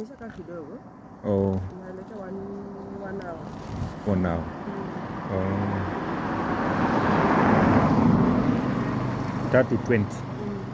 Nimeshakaa kidogo. Oh. Naelekea wanao. Wanao. Mm. Oh. tatu 20 mm.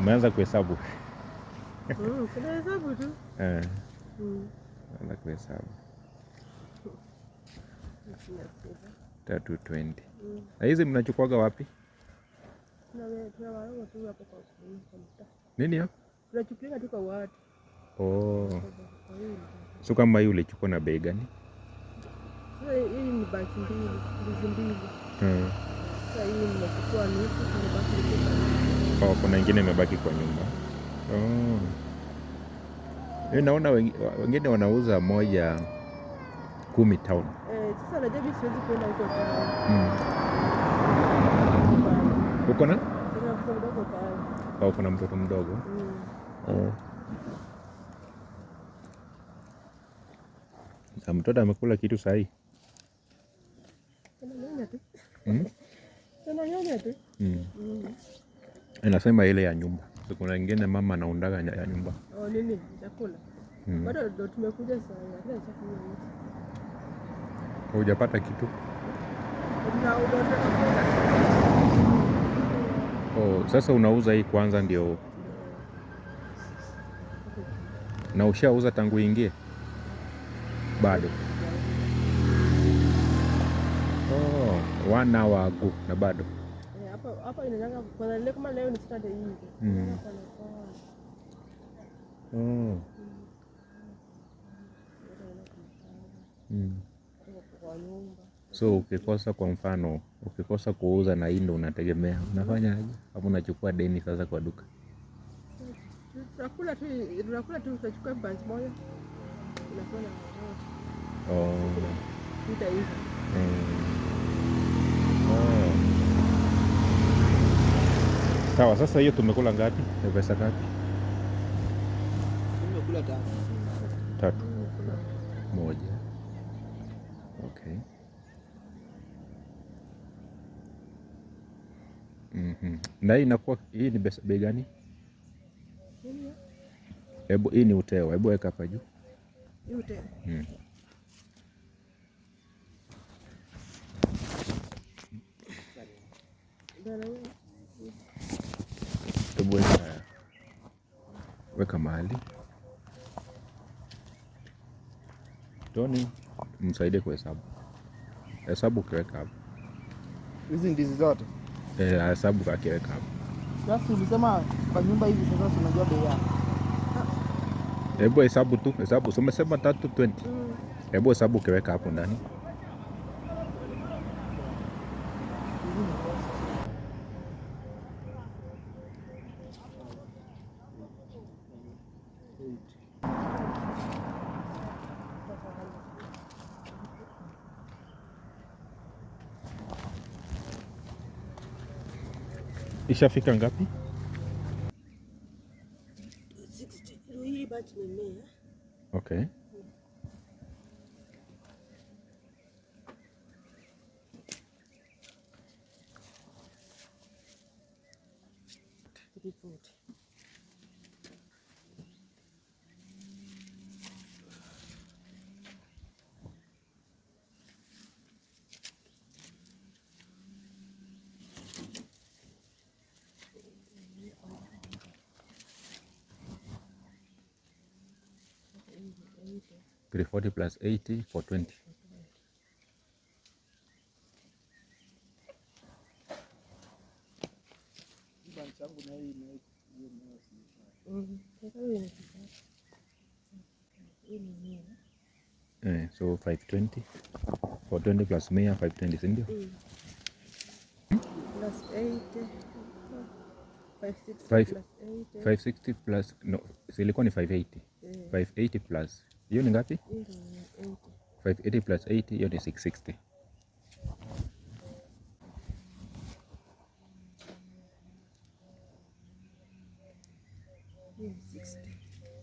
umeanza kuhesabu? Kuna mm, hesabu tu eh. kuhesabu tatu 20 na hizi mnachukuaga wapi? Nini watu Oh. So kama hii ulichukua na bei gani? Hii ni baki mbili, mbili. Mm. Sasa hii nimechukua kwa. Oh, kuna nyingine imebaki kwa nyumba. Oh. Mimi eh, naona wengine wanauza moja kumi town. Eh, sasa siwezi kwenda huko town. Mm. Uko na? Kuna mtoto mdogo. Oh, kuna mtoto mdogo. Mm. Oh. Kama mtoto amekula kitu sahi mm. Anasema hmm. hmm. ile ya nyumba, kuna ingine mama anaundaga ya nyumba hujapata oh, hmm. mm. kitu oh, sasa unauza hii kwanza ndio, na ushauza tangu ingie bado oh, one hour ago na bado eh, hmm. oh. hmm. So ukikosa kwa mfano, ukikosa kuuza na hii ndo unategemea unafanya aje? Ama unachukua deni sasa kwa duka? Tunakula tu, tunakula tu, tunachukua bansi moja. Oh. Eh. Sawa, sasa hiyo tumekula ngapi? pesa ngapi? Tumekula tatu. Tatu. Moja. Okay. Mm-hmm. Na hii inakuwa hii ni bei gani? Hebu hii ni uteo. Hebu weka hapa juu yote hmm. weka mahali Toni, msaidie kuhesabu hesabu, ukiweka hapo hizi ndizi zote eh, hesabu, akiweka hapo. Sasa ulisema kwa nyumba hivi sasa tunajua bei yao. Ebo esabu tou, esabu. Somen seman ta 2.20. Ebo esabu kiwe ka apon dani. I shafikan gapi? বিপদ Three forty plus eighty for twenty. so 520 420 plus 100 520, si ndio? Mm. Plus 560 plus no, silikuwa ni 580 580 plus hiyo ni ngapi? 580 plus 80 hiyo ni 660.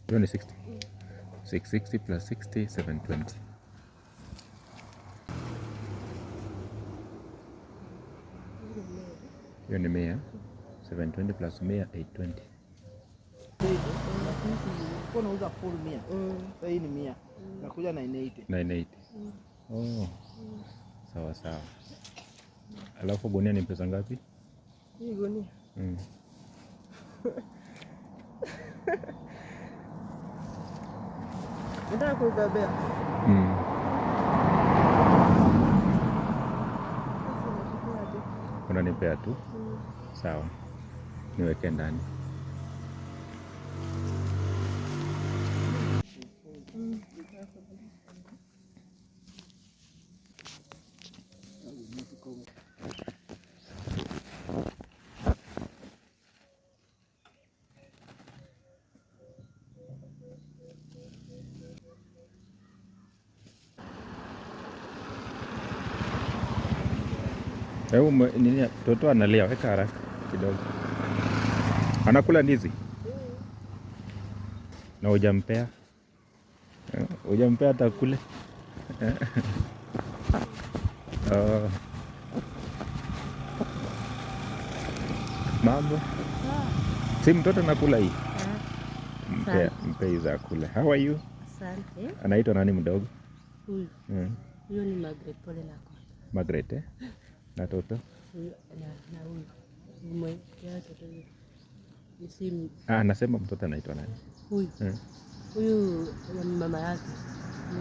Hiyo ni 60. 660 mm. plus 60, 720. hiyo ni mia 720 plus mia 820. Sawa sawa. Alafu gunia ni pesa ngapi? Hii gunia. Mm. Nataka kuibebea. Mm. nipea tu, sawa, niweke ndani. Hebu nini, mtoto analia, weka haraka kidogo. Anakula ndizi na hujampea, eh, hujampea hata kule oh. Mambo si mtoto anakula hii, ah, mpea mpea za kule. How are you? Asante. Anaitwa nani mdogo? Huyu. Hmm. Huyu ni Margaret, pole nako. Margaret, eh? na toto ah, anasema mtoto anaitwa nani? Hmm. Huyu mama yake.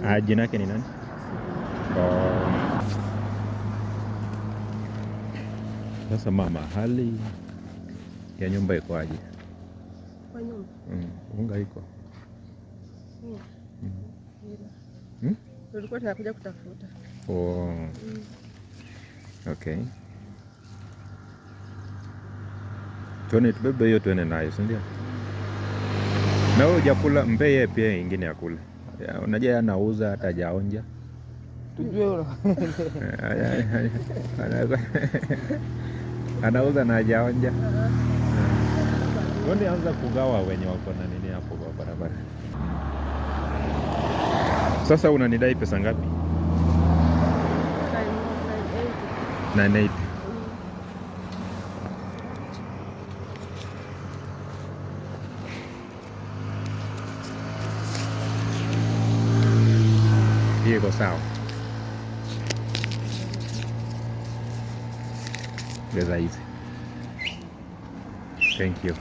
Ah, jina yake ni nani? Oh. Sasa mama, hali ya nyumba iko aje? Hmm, unga iko hmm. tulikuwa tunakuja kutafuta. Oh. Okay, tuone tubebe hiyo tuende nayo, si ndio? Na wewe hujakula, mpe yeye pia ingine ya kula. Unajua anauza hata hajaonja tujue anauza na hajaonja. Oni anza kugawa wenye wako na nini hapo kwa barabara. Sasa unanidai pesa ngapi? 980. Vehicle south. There's a easy. Thank you.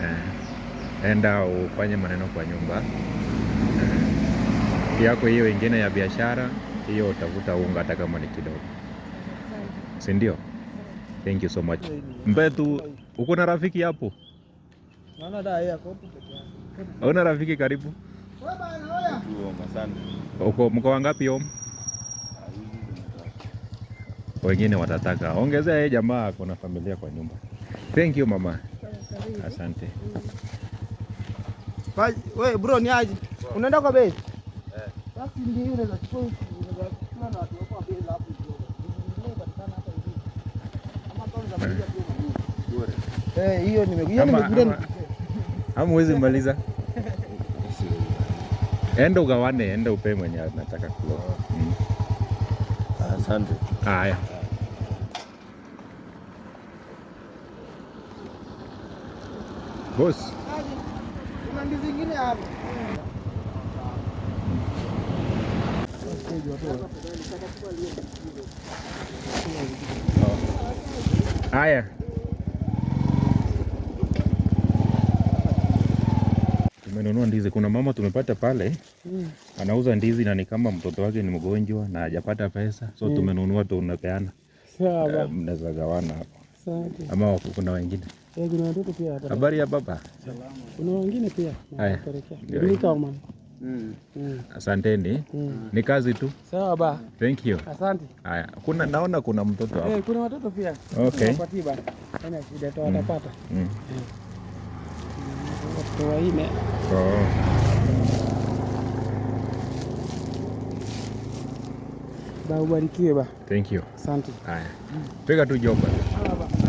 Eh, enda ufanye maneno kwa nyumba yako eh, hiyo, ingine ya biashara hiyo, utavuta unga hata kama ni kidogo si ndio? Thank you so much. Mbethu, uko na rafiki hapo? Naona da hapo peke yake. Una rafiki karibu? Uko mko wangapi om? Wengine watataka ongezea, yeye jamaa ako na familia kwa nyumba. Thank you mama, asante. Bye, we Bro, ni aje? Unaenda kwa base? Eh. Basi ndio unaweza na watu. Eh, hiyo nimekuja ama uwezi maliza, enda ugawane, enda upe mwenye anataka kula. Asante. Haya. Boss. Kuna ndizi zingine hapo. Haya, tumenunua ndizi. Kuna mama tumepata pale mm. anauza ndizi na ni kama mtoto wake ni mgonjwa na hajapata pesa, so mm. tumenunua, tunapeana, eh, mnaweza gawana hapo ama kuna wengine e, kuna watoto pia. Habari ya baba, kuna wengine pia. Haya. Asanteni. Mm. Ni kazi tu. Sawa ba. Thank you. Asante. Haya, kuna naona kuna mtoto hapo. Eh, kuna watoto pia. Okay. Kwa tiba. Ana shida tu atapata. Mm. mm. Watoto waine. Oh. Ba ubarikiwe ba. Thank you. Asante. Haya. Piga tu jomba. Sawa ba.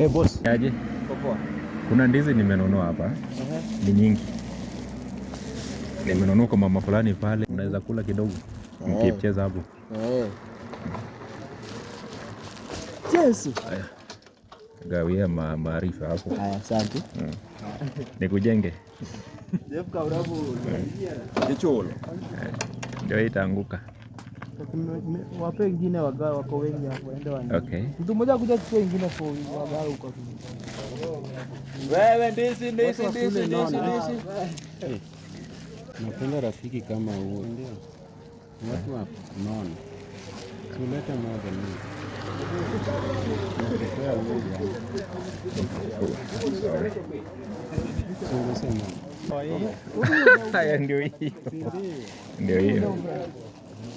Hey, boss. Aje? Kuna ndizi nimenunua hapa. Uh -huh. Ni nyingi. Nimenunua kwa mama fulani pale, unaweza kula kidogo mkicheza hapo. Eh. Yes. Gawia maarifa hapo. Haya, asante. Hmm. Nikujenge. Hmm. Ndio itaanguka wape wengine wako wengi hapo, Okay, mtu mmoja kuja wengine kwa huko. Wewe napenda rafiki kama huo, ndio watu wa moja ni ndio hiyo, ndio hiyo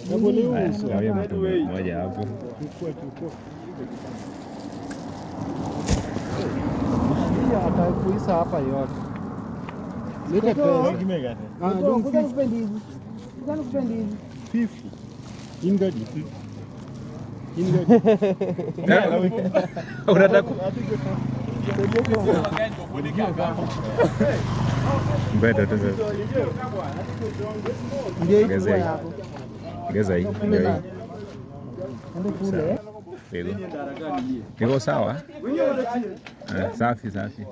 Ya boleu. Ah, suave, mano. Olha, pô. Trucou, trucou. Tá com isso, rapaz, ó. Liga é pé. Ah, é não, cuidado com os bandidos. Cuidado com os bandidos. Fifo. Ingadi. Ingadi. Udah ada aku. Beda tuh. Dia ongeza hii eh, eh, iko sawa, safi safi.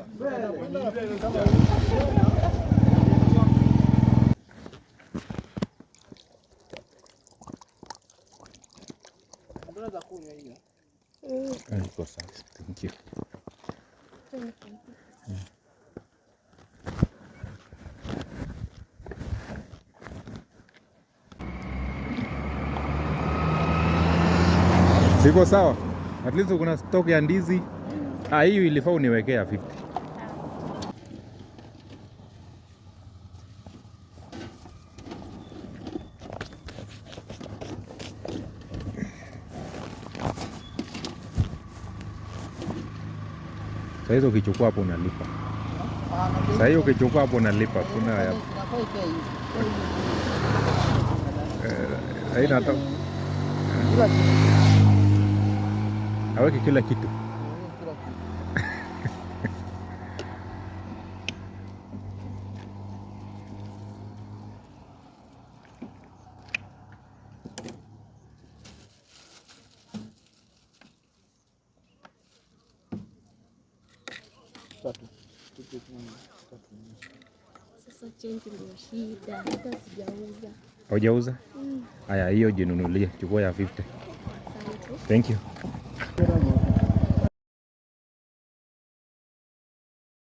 Thank you. Iko sawa? At least kuna stock ya ndizi. Ah, hii ilifaa uniwekea 50. Sasa hizo ukichukua hapo unalipa. Sasa hiyo ukichukua hapo unalipa. Kuna ya eh, haina hata aweke kila kitu Haujauza? Mm. Haya, hiyo jinunulie, chukua ya 50. Thank you. Gracias.